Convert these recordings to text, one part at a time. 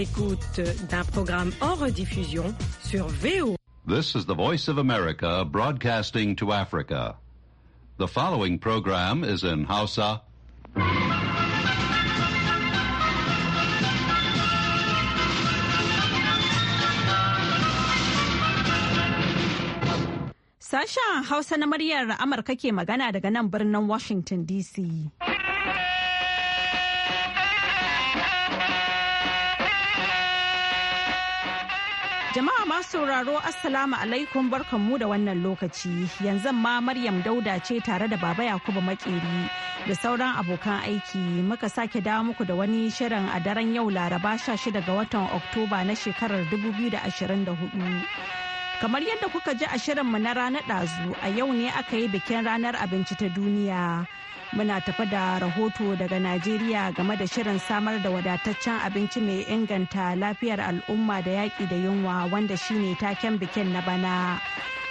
Écoute d'un programme en rediffusion sur VO. This is the Voice of America broadcasting to Africa. The following program is in Hausa. Sasha Hausa na muryar Amurka ke magana daga nan birnin Washington DC. sauraro Assalamu alaikum barkanmu da wannan lokaci yanzu ma Maryam Dauda ce tare da Baba Yakubu Makeri da sauran abokan aiki muka sake dawo muku da wani shirin a daren yau Laraba 16 ga watan Oktoba na shekarar 2024. Kamar yadda kuka ji a shirinmu na ranar ɗazu a yau ne aka yi bikin ranar abinci ta duniya. Muna tafi da rahoto daga Najeriya game da shirin samar da wadataccen abinci mai inganta lafiyar al'umma da yaƙi da yunwa wanda shine taken bikin na bana.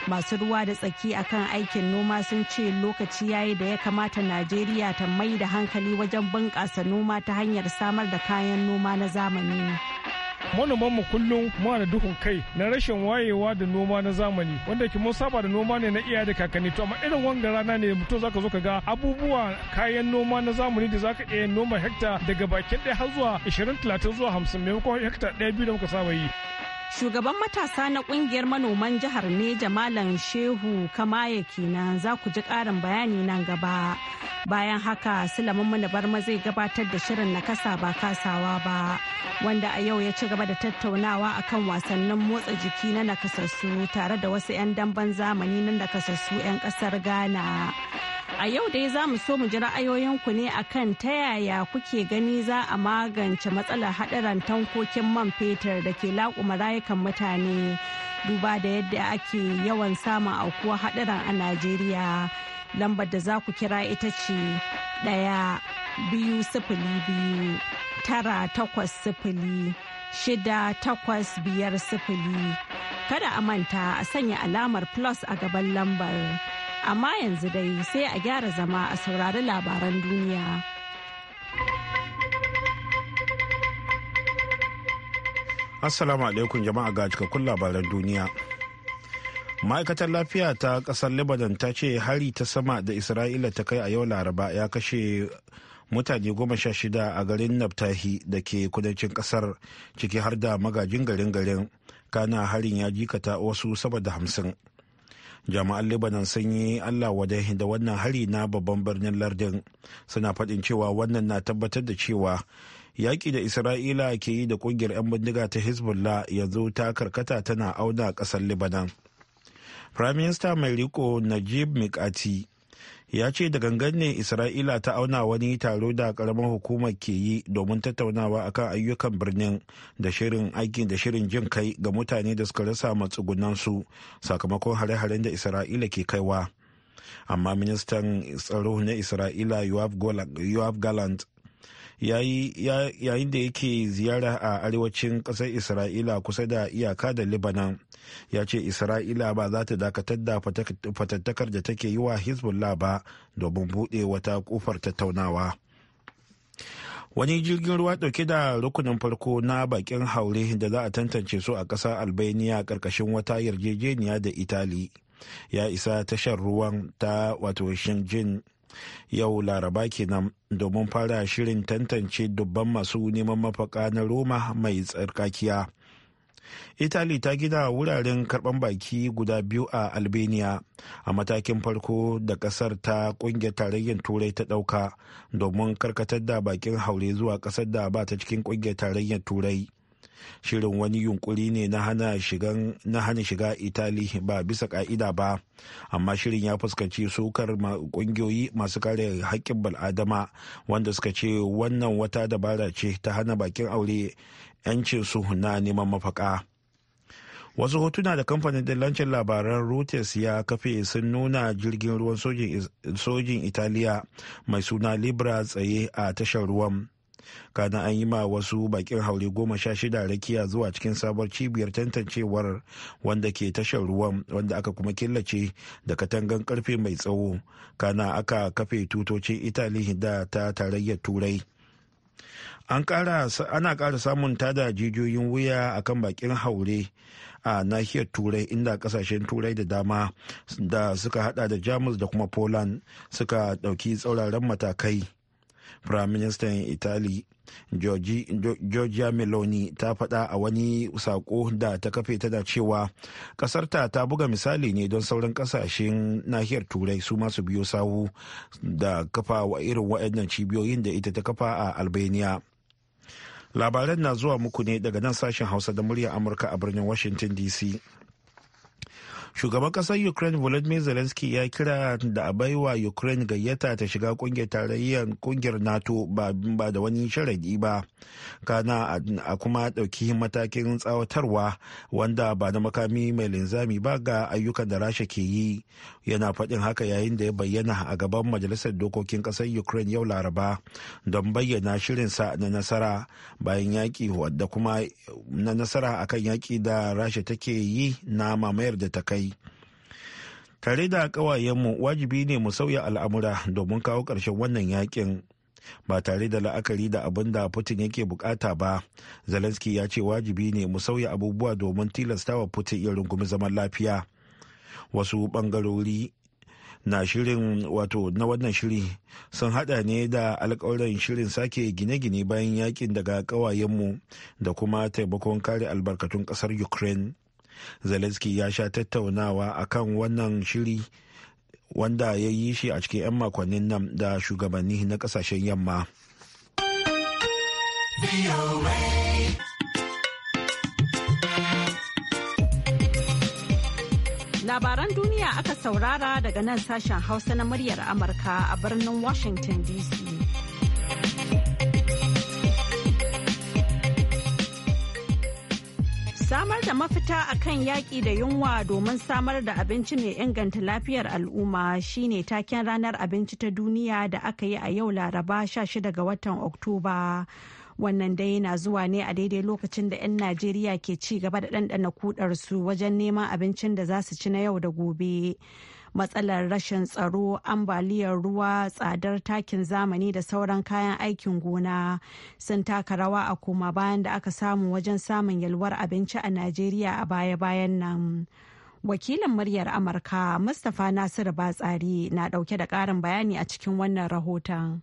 Masu ruwa da tsaki akan aikin noma sun ce lokaci yayi da ya kamata Najeriya ta mai da hankali wajen bunƙasa noma ta hanyar samar da kayan noma na zamani. mu kullum muna da duhun kai na rashin wayewa da noma na zamani wanda ke mun saba da noma ne na iyaye da kakanni to amma irin wanga rana ne mutum zaka zo ka ga abubuwa kayan noma na zamani da zaka iya noma hekta daga bakin ɗaya har zuwa 20 30 zuwa 50 maimakon hekta ɗaya biyu da muka saba yi. Shugaban matasa na kungiyar manoman jihar Neja Malam Shehu Kamaya kenan za ku ji ƙarin bayani nan gaba. Bayan haka Sulaiman Manabarma zai gabatar da shirin na kasa ba kasawa ba wanda a yau ya ci gaba da tattaunawa akan wasannin motsa jiki na nakasassu tare da wasu 'yan damben zamani na nakasassu 'yan ƙasar Ghana. A yau dai za mu so mu ji ra'ayoyinku ne akan ta yaya kuke gani za a magance matsalar haɗarin tankokin man fetur da ke laƙuma rayukan mutane duba da yadda ake yawan samun aukuwa haɗarin a Najeriya. Lambar da za ku kira ita ce ɗaya biyu sifili biyu tara takwas sifili shida takwas biyar sifili. Kada a manta a sanya alamar plus a gaban lambar. amma yanzu dai sai a gyara zama a saurari labaran duniya. Assalamu alaikum jama'a ga cikakkun labaran duniya. Ma'aikatar lafiya ta ƙasar Lebanon ta ce hari ta sama da Isra'ila ta kai a yau Laraba ya kashe mutane goma sha shida a garin Naftahi da ke kudancin ƙasar ciki har da magajin garin garin. Kana harin ya jikata wasu saboda hamsin. jami'an lebanon sun yi allah wada da wannan hari na babban birnin lardin suna faɗin cewa wannan na tabbatar da cewa yaƙi da isra'ila ke yi da ƙungiyar 'yan bindiga ta hezbollah yanzu ta karkata tana auna ƙasar lebanon prime minister mai riko najib mikati ya ce da gangan ne isra'ila ta auna wani taro da karamar hukumar ke yi domin tattaunawa akan ayyukan birnin da shirin aiki da shirin jin kai ga mutane da suka rasa su sakamakon hare-haren da isra'ila ke kaiwa amma ministan tsaro na isra'ila yoav gallant yayin da yake ziyara a arewacin ƙasar isra'ila kusa da iyaka da libanan ya ce isra'ila ba za ta dakatar da fatattakar da take yi wa hezbollah ba domin buɗe wata ƙofar tattaunawa wani jirgin ruwa dauke da rukunin farko na bakin haure da za a tantance su a ƙasar albania ƙarƙashin wata yarjejeniya da itali ya isa tashar ruwan ta wato shingen yau laraba kenan domin fara shirin tantance dubban masu neman mafaka na roma mai tsarkakiya italy ta gina wuraren karban baki guda biyu a albania a matakin farko da kasar ta kungiyar tarayyar turai ta dauka domin karkatar da bakin haure zuwa kasar da ba ta cikin kungiyar tarayyar turai shirin wani yunkuri ne na hana shiga itali ba bisa ka'ida ba amma shirin ya fuskanci sukar kungiyoyi masu kare haƙƙin bal'adama wanda suka ce wannan wata dabara ce ta hana bakin aure yancin su na neman mafaka. wasu hotuna da kamfanin dillancin labaran reuters ya kafe sun nuna jirgin ruwan sojin italiya mai suna libra tsaye a tashar ruwan kana an yi ma wasu bakin haure goma sha shida rakiya zuwa cikin sabuwar cibiyar tantancewar wanda ke tashar ruwan wanda aka kuma killace da katangan karfe mai tsawo kana aka kafe tutocin italy da ta tarayyar turai ana ƙara samun tada jijiyoyin wuya a kan bakin haure a nahiyar turai inda kasashen turai da dama da suka hada da jamus da kuma poland suka ɗauki tsauraran matakai firaministan italy Giorgia Meloni ta faɗa a wani sako da ta kafe tana cewa ƙasarta ta buga misali ne don sauran ƙasashen nahiyar turai su masu biyo sahu da kafa wa irin waɗannan cibiyoyin da ita ta kafa a albania labaran na zuwa muku ne daga nan sashen hausa da muryar amurka a birnin washington dc shugaban kasar ukraine volodymyr zelensky ya kira da a baiwa ukraine gayyata ta shiga kungiyar tarayyar kungiyar nato ba da wani sharadi ba kana a kuma dauki matakin tsawatarwa wanda ba na makami mai linzami ba ga ayyukan da rasha ke yi yana faɗin haka yayin da ya bayyana a gaban majalisar dokokin kasar ukraine yau laraba don bayyana shirinsa na nasara bayan yaƙi wadda kuma na nasara akan yaƙi da rasha take yi na mamayar da ta kai yi. tare da ƙawayenmu wajibi ne mu sauya al'amura domin kawo ƙarshen wannan yakin ba tare da la'akari da abin da putin yake bukata ba zelensky ya ce wajibi ne mu sauya abubuwa domin tilastawa putin ya rungumi zaman lafiya wasu bangarori na shirin wato na wannan shiri sun hada ne da alkawarin shirin sake gine-gine bayan yakin daga kawayenmu da kuma taimakon kare albarkatun ƙasar ukraine zelenski ya sha tattaunawa akan wannan shiri wanda ya yi shi a cikin 'yan makonnin nan da shugabanni na kasashen yamma labaran duniya aka saurara daga nan sashen hausa na muryar amurka a birnin washington dc samar da mafita a kan yaƙi da yunwa domin samar da abinci mai inganta lafiyar al'umma shine taken ranar abinci ta duniya da aka yi a yau laraba 16 ga watan oktoba wannan dai na zuwa ne a daidai lokacin da 'yan najeriya ke ci gaba da ɗanɗana kudarsu wajen neman abincin da za su ci na yau da gobe matsalar rashin tsaro ambaliyar ruwa tsadar takin zamani da sauran kayan aikin gona sun taka rawa a koma bayan da aka samu wajen samun yalwar abinci a najeriya a baya-bayan nan wakilin muryar amurka mustapha nasiru batsari na dauke da karin bayani a cikin wannan rahoton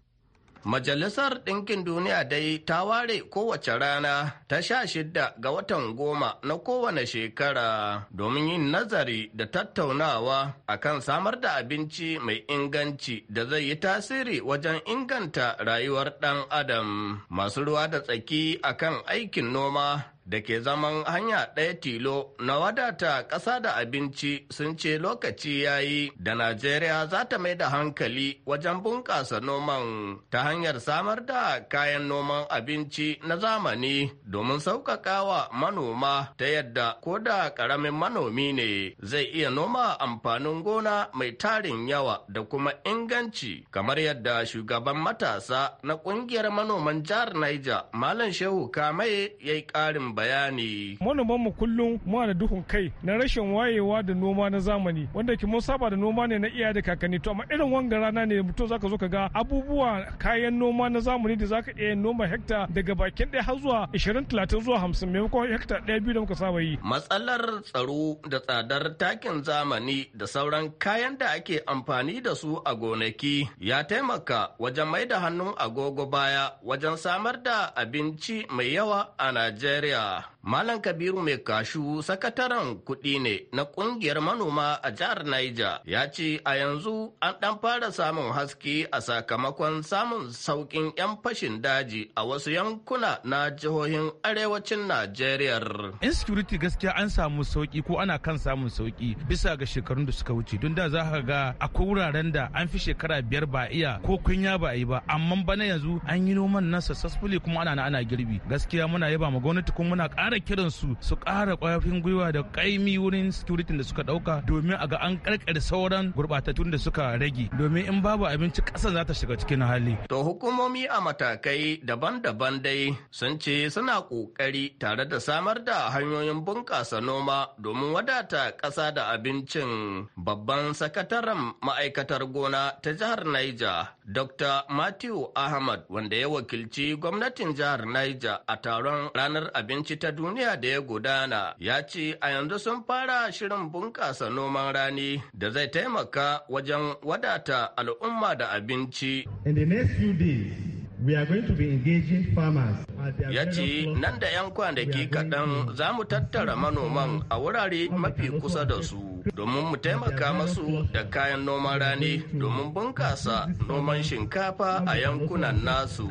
Majalisar Ɗinkin Duniya dai ta ware kowace rana ta sha shidda ga watan goma na kowane shekara domin yin nazari da tattaunawa a kan samar da abinci mai inganci da zai yi tasiri wajen inganta rayuwar ɗan adam masu ruwa da tsaki akan aikin noma da ke zaman hanya ɗaya tilo na wadata ƙasa da abinci sun ce lokaci ya yi da Najeriya za ta mai da hankali wajen bunƙasa noman ta hanyar samar da kayan noman abinci na zamani domin sauƙaƙawa manoma ta yadda ko da ƙaramin manomi ne zai iya noma amfanin gona mai tarin yawa da kuma inganci kamar yadda shugaban matasa na ƙungiyar manoman jihar Niger Malam Shehu Kamai ya yi ƙarin bayani. Manoman mu kullum muna da duhun kai na rashin wayewa da noma na zamani wanda ke mun saba da noma ne na iya da kakanni to amma irin wanga rana ne mutum zaka zo ka ga abubuwa kayan noma na zamani da zaka iya noma hekta daga bakin ɗaya har zuwa 20 30 zuwa 50 maimakon hekta ɗaya biyu da muka saba yi. Matsalar tsaro da tsadar takin zamani da sauran kayan da ake amfani da su a gonaki ya taimaka wajen mai da hannun agogo baya wajen samar da abinci mai yawa a Najeriya. Yeah. Malam Kabiru mai kashu sakataren kuɗi ne na ƙungiyar manoma a jihar Niger ya ce a yanzu an ɗan fara samun haske a sakamakon samun saukin 'yan fashin daji a wasu yankuna na jihohin arewacin Najeriya. Insecurity gaskiya an samu sauƙi ko ana kan samun sauƙi bisa ga shekarun da suka wuce don da za ka ga akwai wuraren da an fi shekara biyar ba iya ko kunya ba yi ba amma bana yanzu an yi noman nan successfully kuma ana ana girbi gaskiya muna yaba ma gwamnati kuma muna ƙara ƙara kiran su ƙara ƙwafin gwiwa da kaimi wurin security da suka ɗauka domin a ga an ƙarƙare sauran gurɓatattun da suka rage domin in babu abinci ƙasa za ta shiga cikin hali. To hukumomi a matakai daban-daban dai sun ce suna ƙoƙari tare da samar da hanyoyin bunƙasa noma domin wadata ƙasa da abincin babban sakataren ma'aikatar gona ta jihar Niger, Dr. Matthew Ahmad wanda ya wakilci gwamnatin jihar Niger a taron ranar abinci ta duniya. duniya da ya gudana ya ce a yanzu sun fara shirin bunƙasa noman rani da zai taimaka wajen wadata al'umma da abinci. In Ya ce nan da 'yan kwanaki kaɗan za mu tattara manoman a wurare mafi kusa da su. domin mu taimaka masu da kayan noman rani domin bunkasa noman shinkafa a yankunan nasu.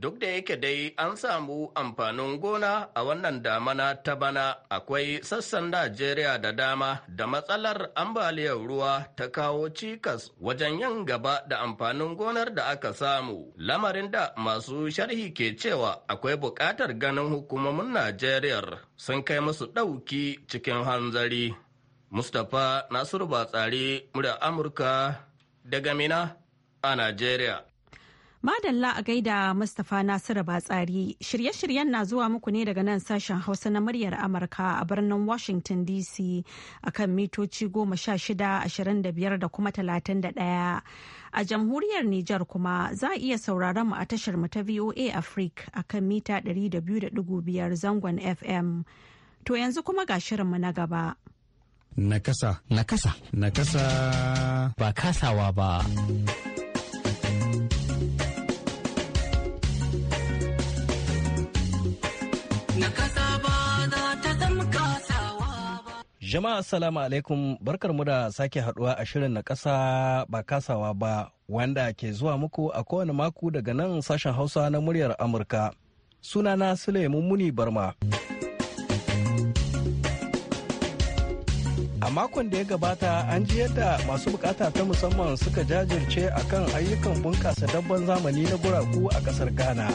Duk da yake dai an samu amfanin gona a wannan damana ta bana akwai sassan Najeriya da dama da matsalar ambaliyar ruwa ta kawo cikas wajen yin gaba da amfanin gonar da aka samu. Lamarin da masu sharhi ke cewa akwai buƙatar ganin hukumomin Najeriya sun kai musu ɗauki cikin hanzari. Mustapha Nasiru Batsari, murya Amurka daga Mina a Najeriya. Madalla a gaida Mustapha Nasiru Batsari shirye-shiryen na zuwa muku ne daga nan sashen Hausa na muryar Amurka a birnin Washington DC a kan mitoci goma sha shida ashirin da kuma talatin ɗaya. A jamhuriyar Nijar kuma za a iya sauraron mu a tashar mu ta VOA Africa kan mita ɗari zangon FM. To yanzu kuma ga shirinmu na gaba. Nakasa. Nakasa. Nakasa. Ba kasawa ba. Jama'a assalamu alaikum barkarmu da sake haduwa a shirin na kasa ba kasawa ba wanda ke zuwa muku a kowane mako daga nan sashen Hausa na muryar Amurka. Sunana Suleiman Muni Barma. A makon da ya gabata an ji yadda masu bukata ta musamman suka jajirce akan ayyukan bunkasa dabban zamani na guragu a ƙasar Ghana.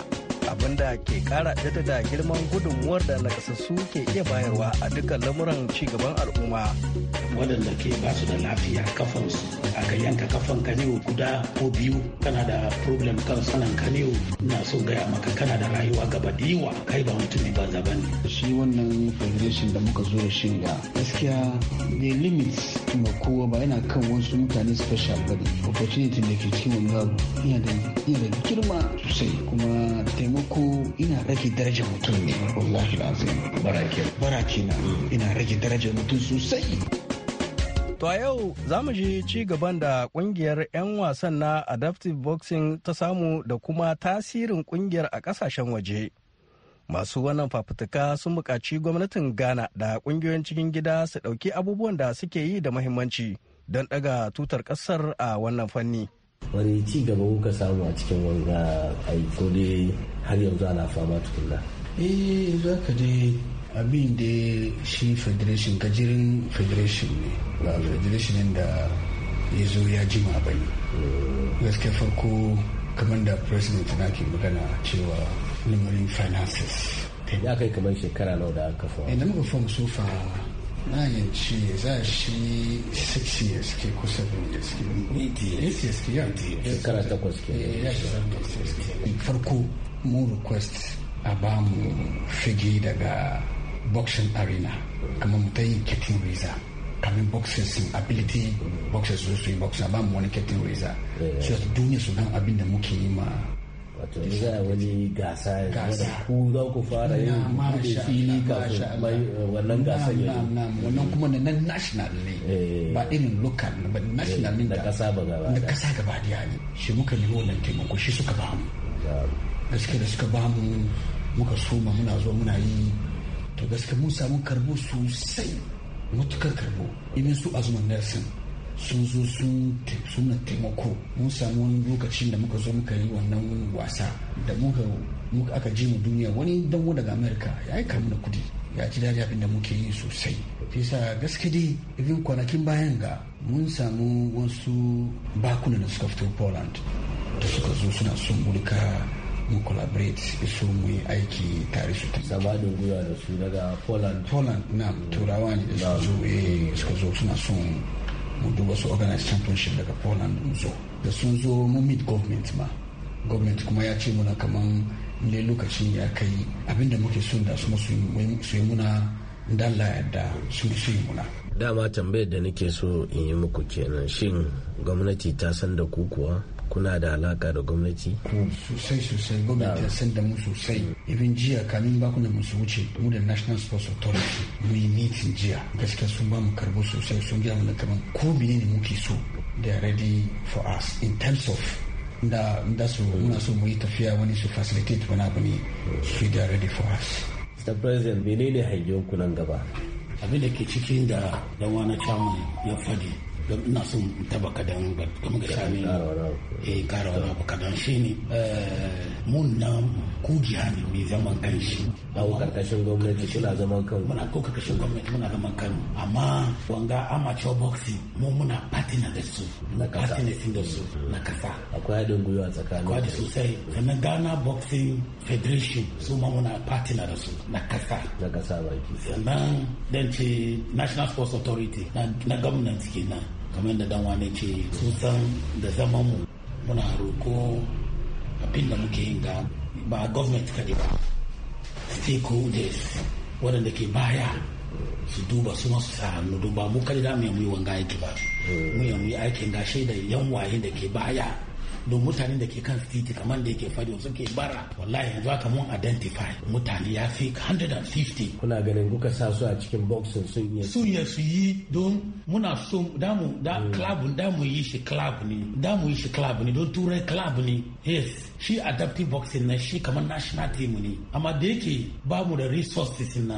da ke kara da girman gudunmuwar da nakasassu ke iya bayarwa a dukkan lamuran cigaban al'umma waɗanda ke ba su da lafiya kafansu a ka yanka kafan kanewu guda ko biyu kana da problem kan sanan kanewu na so gaya maka kana da rayuwa gaba diwa kai ba mutum ba zaba ne shi wannan federation da muka zo da shi ga gaskiya ne limits ma kowa ba yana kan wasu mutane special ba ne opportunity da ke cikin wani yana da girma sosai kuma taimako farko ina rage darajar mutum ne wallahi lazim barake barake na ina rage darajar mutum sosai To a yau za mu ji ci gaban da kungiyar 'yan wasan na Adaptive Boxing ta samu da kuma tasirin kungiyar a kasashen waje. Masu wannan fafutuka sun buƙaci gwamnatin Ghana da ƙungiyoyin cikin gida su ɗauki abubuwan da suke yi da muhimmanci don ɗaga tutar ƙasar a wannan fanni. wani ci gaba kuka samu a cikin wanga aiko dai har yanzu ana fama tukunna eh za ka je abin da shi federation gajirin federation ne ba federation da ya zo ya jima ba ne mm. gaske farko kamar da president na ke magana cewa lamarin finances ya kai kamar shekara nawa da aka fama. Idan muka fam sofa na yanci za shi 6 years ke ko 7 years ke 8 years 8 years ke ya shekara takwas ke ya shi farko mu request a ba mu fige daga boxing arena kamar mu ta yin kitin riza kamar boxing sin ability boxers su yi boxing a ba mu wani kitin riza sai duniya su dan abin da muke yi ma wato in za wani gasa wanda ku za ku fara yin kuɗe fili kafin eh, wannan gasar ya wannan kuma na nan national ne eh. ba irin local ba national ne eh, da kasa ba gaba da kasa gaba da ne shi muka nemi wannan taimako shi suka ba mu gaske da suka ba mu muka soma muna zo muna yi to gaske mun samu karbo sosai mutukar karbo irin su azumin nelson sun zo sun suna taimako mun samu wani lokacin da muka zo muka yi wannan wasa da muka muka aka ji mu duniya wani danwo daga amerika ya aika mana kudi ya ji daji abin da muke yi sosai fesa gaske dai even kwanakin bayan ga mun samu wasu bakuna da suka fito poland da suka zo suna son mulka mu collaborate su mu yi aiki tare su ta zama da gwiwa da su daga poland poland na turawa ne da eh, suka zo suna son kudu wasu organized championship daga poland zo da sun zo mun meet government ma government kuma ya ce muna kaman ne lokacin ya kai abinda muke son da su yi muna da la yadda su yi muna dama tambayar da nake so in yi muku kenan shin gwamnati ta san da ku kuwa kuna da alaka da gwamnati sosai sosai gwamnati san da mu sosai even jiya kamin ba mu musu wuce mu da national sports authority mu yi meeting jiya gaskiya sun ba mu karbo sosai sun gaya mana kaman ko menene muke so they are ready for us in terms of da da su muna so mu yi tafiya wani su facilitate wani abu ne su da ready for us Mr. President menene hanyoyin kunan gaba abin da ke cikin da dan wani chairman ya fadi don ina son taba kadan game ga shani eh kara wani abu kadan shi eh, mun na kugiya ne mai zaman kanshi dawo karkashin gwamnati suna zaman kan muna ko karkashin gwamnati muna zaman kan amma wanga amateur boxing mu muna partner da su na kasa da su na kasa akwai haɗin gwiwa tsakanin akwai sosai sannan Ghana boxing federation su ma muna partner da su na kasa na kasa baki sannan dan ce national sports authority na gwamnati kenan kamar da dan wani ke san da zaman mu muna roko abin da muke yin ga ba government kaɗai ba stakeholders waɗanda ke baya su duba su masu sa hannu duba mu kaɗai da mu yi wanga aiki ba mm. mu yi aikin ga shaida yan waye da ke baya don mutanen da ke kan titi kamar da yake fadi ke bara wallahi yanzu haka mun identify mutane ya fi 150 kuna ganin kuka sa su a cikin boxing sun yi sun yi su yi don muna so damu da hmm. club da mu yi shi club ne da mu yi shi club ne don turai club ne yes shi adaptive boxing na shi kamar national team ne amma da yake ba mu da resources na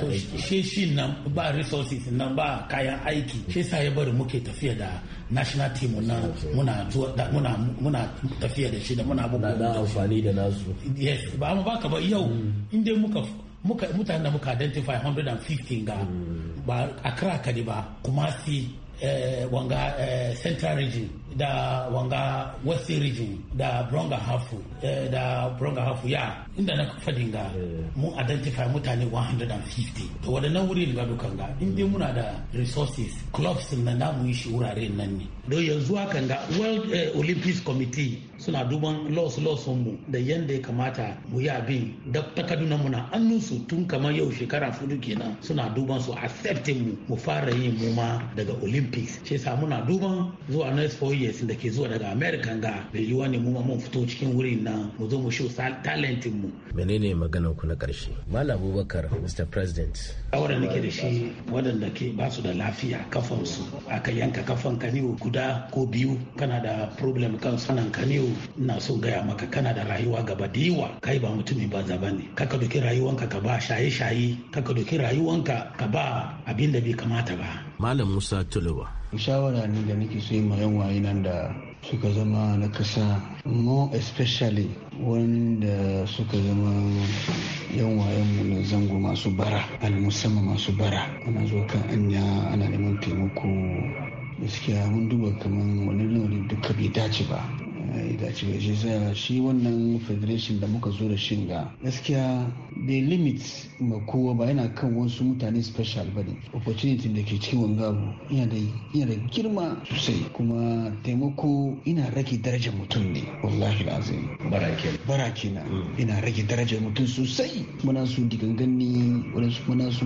to shi shi nan ba resources nan ba kayan aiki shi sa ya bari muke tafiya da national team wannan muna muna muna tafiya da shi da muna bugu da amfani da nasu yes ba mu baka ba yau mm. in dai muka muka mutane da muka identify 115 ga mm. ba Accra kadi ba kuma si eh, wanga eh, central region da wanga west region da bronga hafu eh, da bronga hafu ya inda na kafa dinga mun identify mutane 150 to wadannan wuri ga dukan ga in dai muna da resources clubs na na mu shi wuraren nan ne don yanzu hakan ga world eh, olympics committee suna duban laws laws mu da yanda ya kamata mu yi abin da takarduna muna annun su tun kamar yau shekara fudu kenan suna duban su accepting mu mu fara yin mu ma daga olympics shi yasa muna duban zuwa next four years da ke zuwa daga america ga bai yi wani mu ma mun fito cikin wurin nan mu zo mu show talent mu mu menene maganar ku na karshe malam abubakar mr president auren nake da shi waɗanda ke ba su da lafiya kafansu aka yanka kafan kaniwo guda ko biyu kana da problem kan sanan kaniwo ina so gaya maka kana da rayuwa gaba diwa kai ba mutumin ba ba ne kaka doki rayuwanka ka ba shaye shaye kaka doki rayuwanka ka ba abin da bai kamata ba malam musa tuluba shawara ne da nake so ma yan nan da suka zama na kasa more especially wanda suka zama yan mu na zango masu bara almusamman masu bara ana zuwa kan anya ana neman taimako gaskiya mun duba kamar wani lamarin duka bai dace ba da dace shi shi wannan federation da muka zo da shi ga gaskiya the limit ma kowa ba yana kan wasu mutane special ba ne opportunity da ke cikin wangabu yana da girma sosai kuma taimako ina rage darajar mutum ne wallahi lazim bara mm. ina rage darajar mutum sosai muna su digangan ne wadansu muna su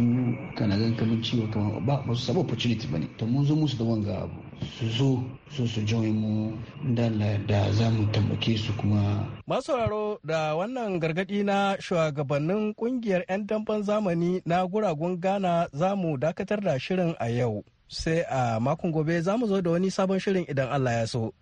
gan kamar ciwo kamar ba su saba opportunity ba to mun zo musu da wanga abu su zo su su join mu da za mu tambake su kuma. Masauraro da wannan gargaɗi na shugabannin kungiyar 'yan damben zamani na guragun Ghana za mu dakatar da shirin a yau. Sai a makon gobe za mu zo da wani sabon shirin idan Allah ya so.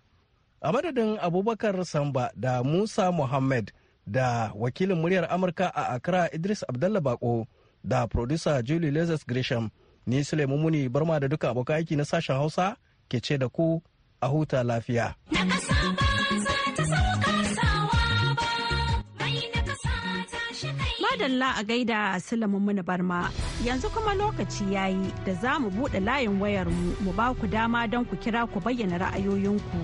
A madadin Abubakar Samba da Musa Muhammad da wakilin muryar Amurka a Accra Idris Abdallah Bako da producer Julie Lazarus Gresham ni Sulaimu Muni Barma da duka abokan aiki na sashen Hausa. ke ce da ku a huta lafiya. Madalla a gaida Sulaiman Barma yanzu kuma lokaci ya yi da za mu buɗe layin wayarmu mu ba ku dama don ku kira ku bayyana ra'ayoyinku.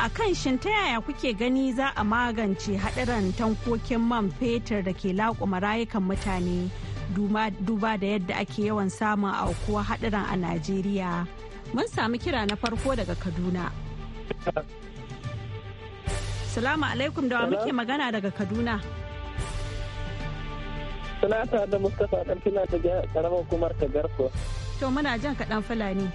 A kan shin ta yaya kuke gani za a magance haɗarin tankokin man fetur da ke laƙuma rayukan mutane duba da yadda ake yawan samun aukuwa haɗarin a Najeriya. Mun sami kira na farko daga Kaduna. Salamu alaikum da wa muke magana daga Kaduna. Suna da Mustapha ɗan fina ta karamar kumar ta garko. To muna jan kaɗan fulani.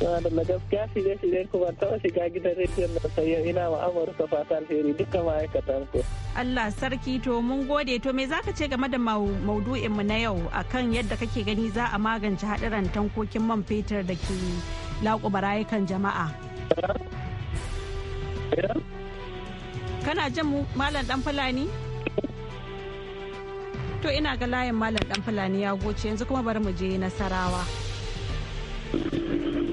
da gaskiya shi shiryen kuma ta shiga gidan rediyon na sayan ina wa Amurka fatan alheri duka ma'aikatan ku. Allah sarki to mun gode to me zaka ce game da maudu'in mu na yau akan yadda kake gani za a magance hadiran tankokin man fetur da ke laƙuba barayukan jama'a. Kana jin mu malam dan Fulani? To ina ga layin malam dan Fulani ya goce yanzu kuma bari mu je Nasarawa.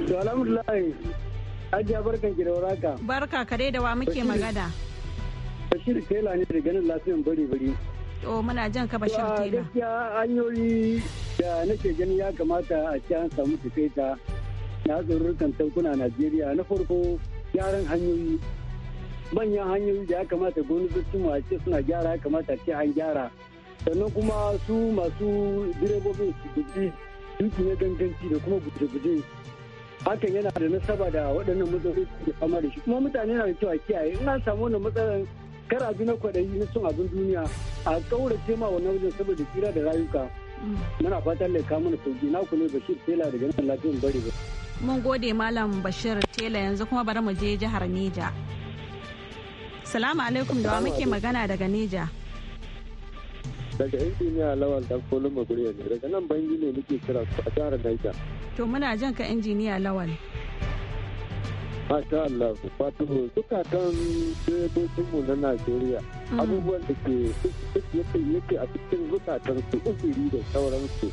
To alhamdulillah Ajiya barkan ki da waraka. Barka kare da wa muke magana. bashir tela ne da ganin lafiyan bari bari o muna jan ka bashir tela gaskiya hanyoyi da nake gani ya kamata a ci an samu tafeta na tsarurrukan tankuna najeriya na farko gyaran hanyoyi manyan hanyoyi da ya kamata gwamnatocin mu ce suna gyara ya kamata ce an gyara sannan kuma su masu direbobin su guji duki na ganganci da kuma guje-guje hakan yana da nasaba da waɗannan matsaloli da fama da shi kuma mutane na da cewa kiyaye in an samu wannan matsalar kar abin na kwaɗayi na cin abin duniya a ƙaurace ma wannan wajen saboda tsira da rayuka muna fatan kama mana sauki na ku ne bashir tela daga nan lafiyan bari ba. mun gode malam bashir tela yanzu kuma bari mu je jihar neja salamu alaikum da muke magana daga neja daga injiniya lawal dan kolin maguriya ne daga nan bangi ne muke kira a jihar neja to muna jan ka injiniya lawal Masha Allah, wato zukatan mu na Najeriya mm. abubuwan da ke yake a cikin zukatan su uzuri da sauransu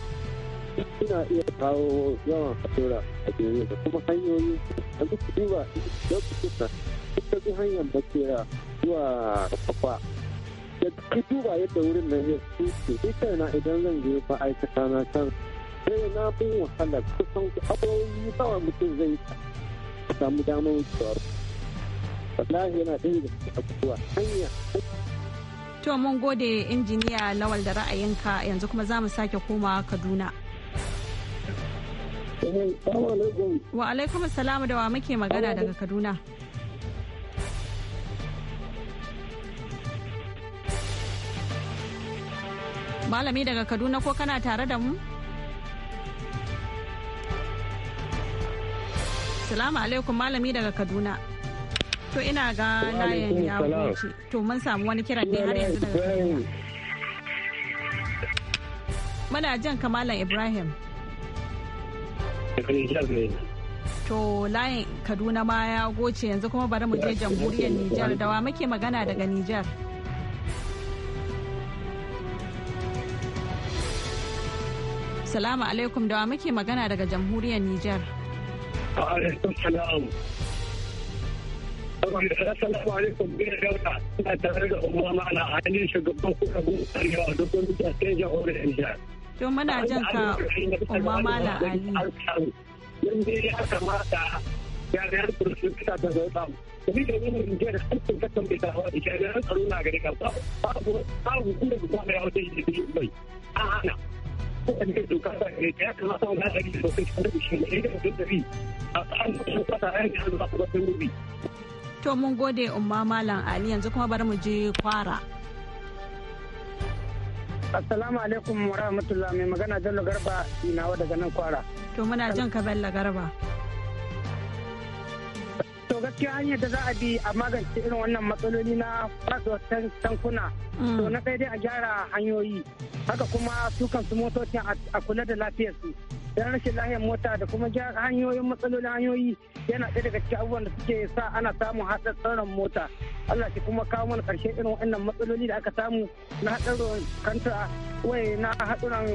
suna iya kawo yawan fatura a Najeriya da kuma hanyoyi a duk duba don kusa ta bi hanyar da bakera zuwa kafa da duk duba yadda wurin nan ya suke ita na idan zan je aikata na can sai na bin wahala kusan abubuwan sawa mutum zai samu damar wucewar wallahi yana ɗaya da abubuwa hanya to mun gode injiniya lawal da ra'ayinka yanzu kuma za mu sake komawa kaduna wa alaikum salamu da wa muke magana daga kaduna malami daga kaduna ko kana tare da mu Salamu alaikum malami daga Kaduna. To ina ga layin ya wuce. To mun samu wani kiran ne har yanzu daga Kaduna. Muna jan kamalan Ibrahim. To layin Kaduna ma ya goce yanzu kuma bari mu je jamhuriyar Nijar da wa muke magana daga Nijar. Salamu alaikum da wa muke magana daga jamhuriyar Nijar. alaikum salam. Assalamu alaikum bin dauda ina tare da umma mana halin shugaban kuɗa gudanar yawa duk wani da ta jahohin Nijar. To muna jan ka umma mana Ali. Yanzu ya kamata jami'an tsaro sun fita da zauta domin da wani rijiyar harkar kasan bai tawa da jami'an tsaro na gari kan babu To mun gode umma Malam Ali yanzu kuma bari mu je kwara. Assalamu alaikum wa rahmatullahi mai magana Bello Garba Inawa daga nan kwara. To muna jan ka Bello Garba. gaskiya hanyar da za a bi a magance irin wannan matsaloli na fasuwar tankuna mm. to na sai dai a gyara hanyoyi haka kuma su kansu motocin a kula da lafiyarsu dan rashin lahiyar mota da kuma hanyoyin matsalolin hanyoyi yana ɗaya daga cikin abubuwan da suke sa ana samun sauran mota Allah shi kuma kawo mana karshe irin wannan matsaloli da aka samu na haɗarin kanta wai na haɗuran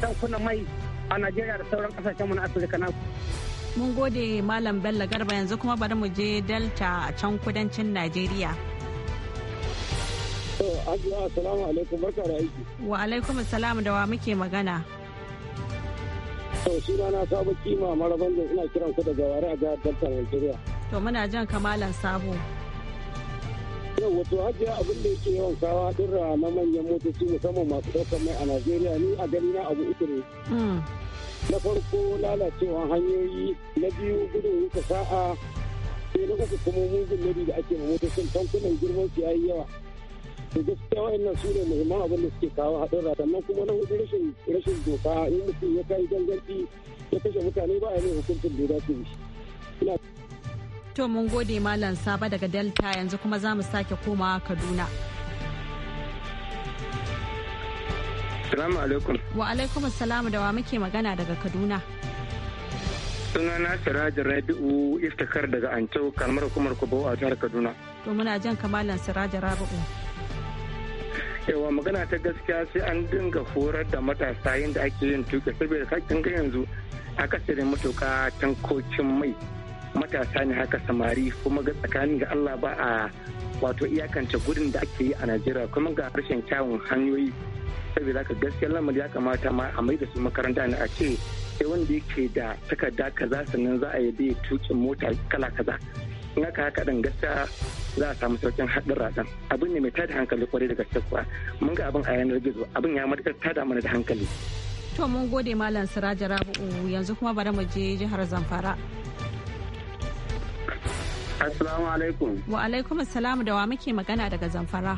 tankunan mai a Najeriya da sauran kasashen mu na Afirka na mun gode malam bello garba yanzu kuma bari mu je delta a can kudancin najeriya Assalamu alaikum barka aiki. Wa alaikum salam da wa muke magana. Sau na sabu kima maraban da ina kiran ku daga wari a jihar Delta Nigeria. To muna jan kamalan sabo. Yau wato hajiya abin da yake yawan kawa dirra na manyan motoci musamman masu ɗaukar mai a Najeriya ni a gani na abu uku ne. Hmm. na farko lalacewa hanyoyi na biyu gudun wuka sa'a sai na uku kuma mugun nari da ake sun tankunan girman su yayi yawa da gaskiya wa'annan su ne muhimman abin da suke kawo haɗura sannan kuma na hudu rashin rashin doka in mutum ya kai ganganci ya kashe mutane ba a yi hukuncin da ya dace da To mun gode Malam Saba daga Delta yanzu kuma za mu sake komawa Kaduna. Assalamu alaikum. Wa alaikum assalamu da wa muke magana daga Kaduna. Sunana Sirajin Rabi'u Iftikar daga Ancho kalmar hukumar Kubo a jihar Kaduna. To muna jan kamalan Sirajin Rabi'u. Yawa magana ta gaskiya sai an dinga horar da matasa yadda ake yin tuka saboda kakin ga yanzu akasarin matuka tankokin mai matasa ne haka samari kuma ga tsakanin ga Allah ba a wato iyakance gudun da ake yi a Najeriya kuma ga harshen kyawun hanyoyi saboda haka gaskiyar lamari ya kamata ma a maida su makaranta ne a ce sai wanda yake da takarda kaza sannan za a yi yabe tukin mota kala kaza in aka haka din gaskiya za a samu saukin haɗin ratan abin ne mai tada hankali kwarai da gaske kuwa mun ga abin a yanar gizo abin ya matuƙar tada mana da hankali. to mun gode malam siraja rabu yanzu kuma bari mu je jihar zamfara. assalamu alaikum. wa alaikum assalamu da wa muke magana daga zamfara.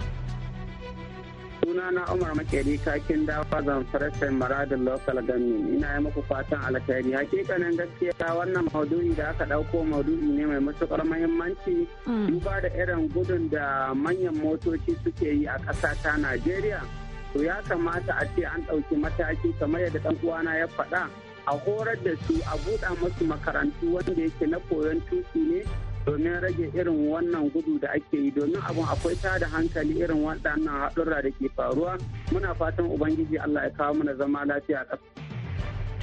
suna na umar makeri kakin dawa zan farashin maradin local government ina yi muku fatan alkhairi hakikanin gaskiya wannan maudu'i da aka dauko maudu'i ne mai matukar muhimmanci mm. duba da irin gudun da manyan motoci suke yi a ƙasa ta najeriya to ya kamata a ce an ɗauki mataki kamar yadda ɗan uwana ya faɗa a horar da su a buɗa musu makarantu wanda yake na koyon tuki ne domin rage irin wannan gudu da ake yi domin abun akwai ta da hankali irin waɗannan haɗurra da ke faruwa muna fatan ubangiji allah ya kawo mana zama lafiya a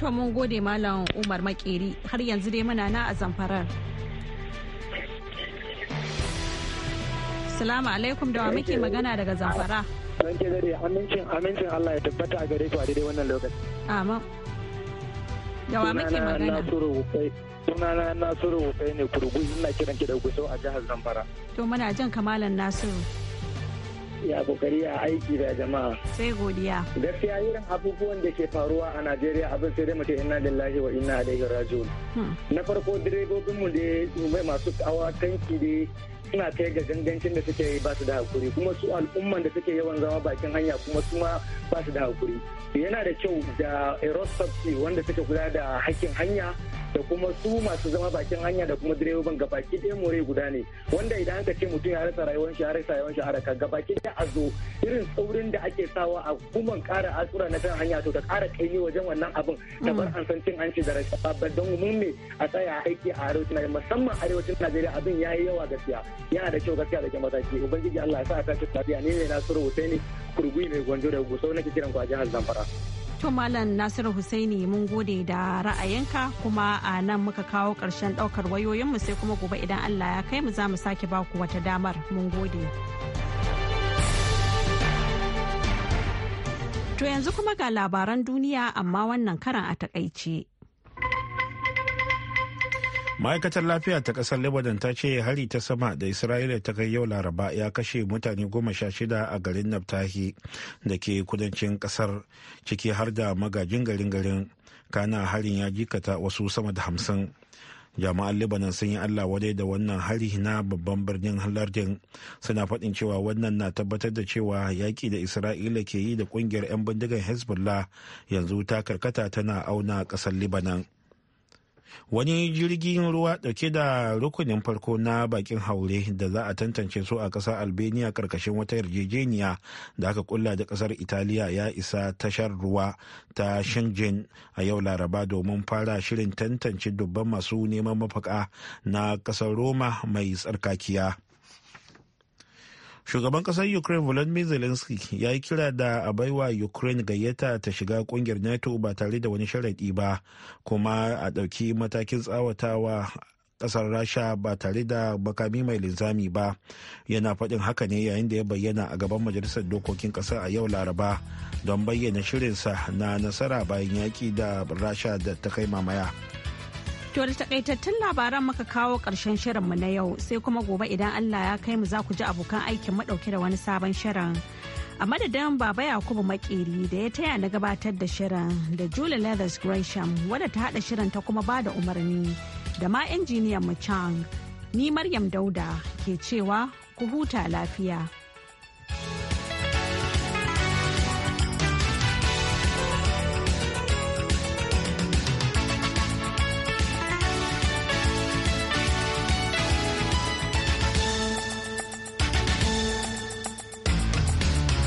to mun gode malam umar makeri har yanzu dai muna na a zamfarar salamu alaikum da wa muke magana daga zamfara. ke dare amincin amincin Allah ya tabbata a gare ku a daidai wannan lokaci. Amin. da muke magana sunana nasiru wukai ne kurgu ina kiran ki da gusau a jihar zamfara to muna jin kamalan nasiru ya kokari a aiki da jama'a sai godiya gaskiya irin abubuwan da ke faruwa a najeriya abin sai dai mu ce inna lillahi wa inna ilaihi raji'un hmm. na farko direbobin mu da masu awa tanki da suna kai ga gangancin da suke yi ba su da hakuri kuma su al'umman da suke yawan zama bakin hanya kuma su ma ba su da hakuri yana da kyau da aerospace wanda suke kula da hakkin hanya da kuma su masu zama bakin hanya da kuma direban gabaki ɗaya more guda ne wanda idan aka ce mutum ya rasa rayuwar shi ya rasa rayuwar shi haraka gabaki ɗaya a zo irin tsaurin da ake sawa a kuman kara asura na kan hanya to ta kara kai ne wajen wannan abin da bar mm. an san cin hanci da rashin babbar don mun ne a tsaya aiki a arewacin Najeriya musamman arewacin Najeriya abin ya yi yawa gaskiya yana da kyau gaskiya da ke mataki ubangiji Allah ya sa a tashi lafiya ne ne na suru ne kurgui mai gwanjo da gusau nake kiran ku a jihar Zamfara. To Malam Nasiru Hussaini mun gode da ra'ayinka kuma a nan muka kawo ƙarshen ɗaukar wayoyinmu sai kuma gobe idan Allah ya kai mu za mu sake baku wata damar mun gode. To yanzu kuma ga labaran duniya amma wannan karan a takaice. ma'aikatar lafiya ta kasar lebanon ta ce hari ta sama da isra'ila ta kai yau laraba ya kashe mutane goma sha shida a garin naftahi da ke kudancin kasar ciki har da magajin garin garin kana harin ya jikata wasu sama da hamsin jama'an lebanon sun yi allah wadai da wannan hari na babban birnin lardin suna faɗin cewa wannan na tabbatar da cewa yaƙi da isra'ila ke yi da ƙungiyar 'yan bindigar hezbollah yanzu ta karkata tana auna ƙasar lebanon wani jirgin ruwa dauke da rukunin farko na bakin haure da za a tantance su a kasar albania karkashin wata yarjejeniya da aka kulla da kasar italiya ya isa tashar ruwa ta shingen a yau laraba domin fara shirin tantance dubban masu neman mafaka na kasar roma mai tsarkakiya shugaban kasar ukraine volodymyr zelensky ya yi kira da a baiwa ukraine gayyata ta shiga kungiyar nato ba tare da wani sharaɗi ba kuma a ɗauki matakin tsawatawa ƙasar rasha ba tare da makami mai linzami ba yana faɗin haka ne yayin da ya bayyana a gaban majalisar dokokin ƙasa a yau laraba don bayyana shirinsa na nasara bayan yaƙi da rasha da ta kai mamaya. To da takaitattun labaran muka kawo ƙarshen mu na yau sai kuma gobe idan Allah ya kai mu za ku ji abokan aikin madauke da wani sabon shirin. A madadin Baba Yakubu Makeri da ya taya na gabatar da shirin da Julie Leathers Gresham wadda ta hada shirin ta kuma bada umarni da ma injiniyan mu Chang. Ni Maryam Dauda ke cewa ku huta lafiya.